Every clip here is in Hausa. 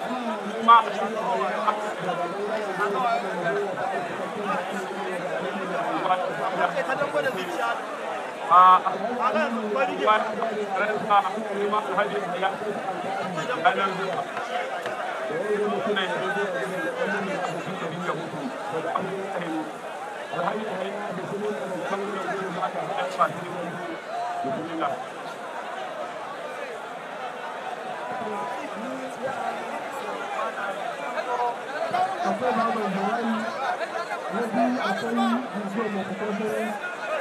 kuma Thank you. na biyu akwai jijiyo mai takwashere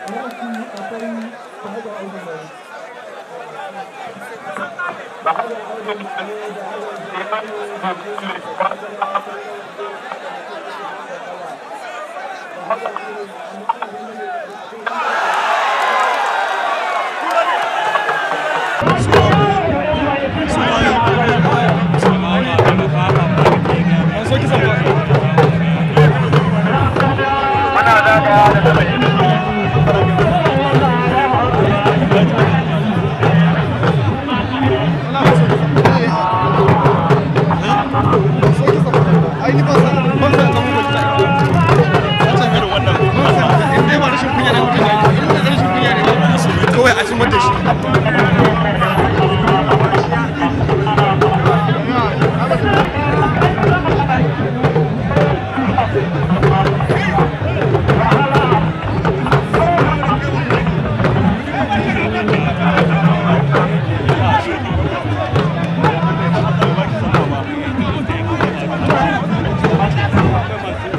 na uku akwai fahimtar aljihar Thank you. a ci mata shi Thank you.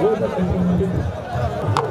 Vou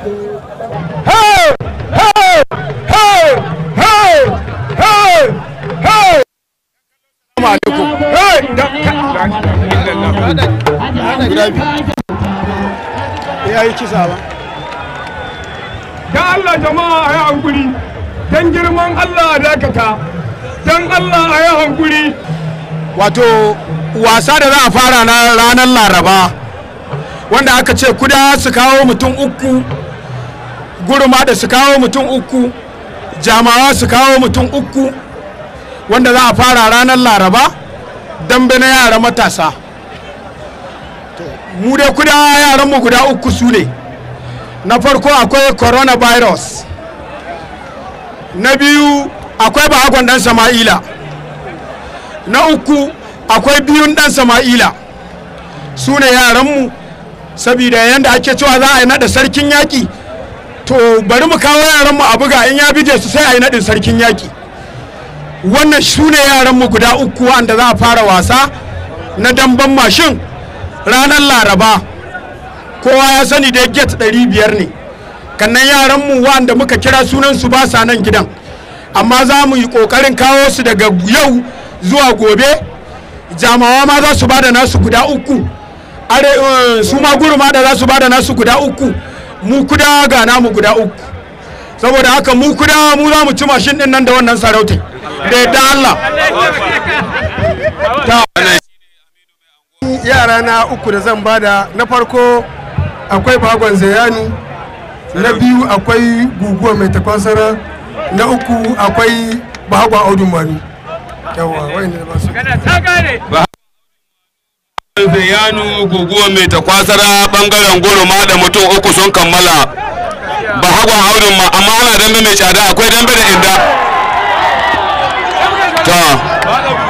ya da Allah jama'a a yi hankuri don girman Allah dakata don Allah a yi hankuri wato wasa da za a fara ranar laraba wanda aka ce kuda su kawo mutum uku gurma da su kawo mutum uku jamawa su kawo mutum uku wanda za a fara ranar laraba dambe na yara matasa mu dai kuda yaranmu guda uku su ne na farko akwai coronavirus na biyu akwai bahagon dan sama'ila na uku akwai biyun dan sama'ila su ne yaranmu saboda yadda ake cewa za a yi nada sarkin yaƙi to bari mu kawo yaran mu a buga in ya bije su sai a yi naɗin sarkin yaƙi wannan su ne mu guda uku wanda za a fara wasa na damban mashin ranar laraba kowa ya sani da get biyar ne kannan mu wanda muka kira sunan su ba sa nan gidan amma za mu yi ƙoƙarin kawo su daga yau zuwa gobe jamawa ma za su ba da nasu guda uku eh, su ma gurma da za su ba da nasu guda uku mu kuda ga namu guda uku saboda haka mu kuda mu za mu ci mashin din nan da wannan sarauta da yadda Allah yara na uku da zan bada na farko akwai bagon zayani na biyu akwai guguwa mai takwasara na uku akwai bagwa audun mani yawa wani ne ba su Zayanu guguwa mai takwasara bangaren guruma da mutum uku sun kammala ba a haurin ma amma ana dambe mai tsada akwai dambe da inda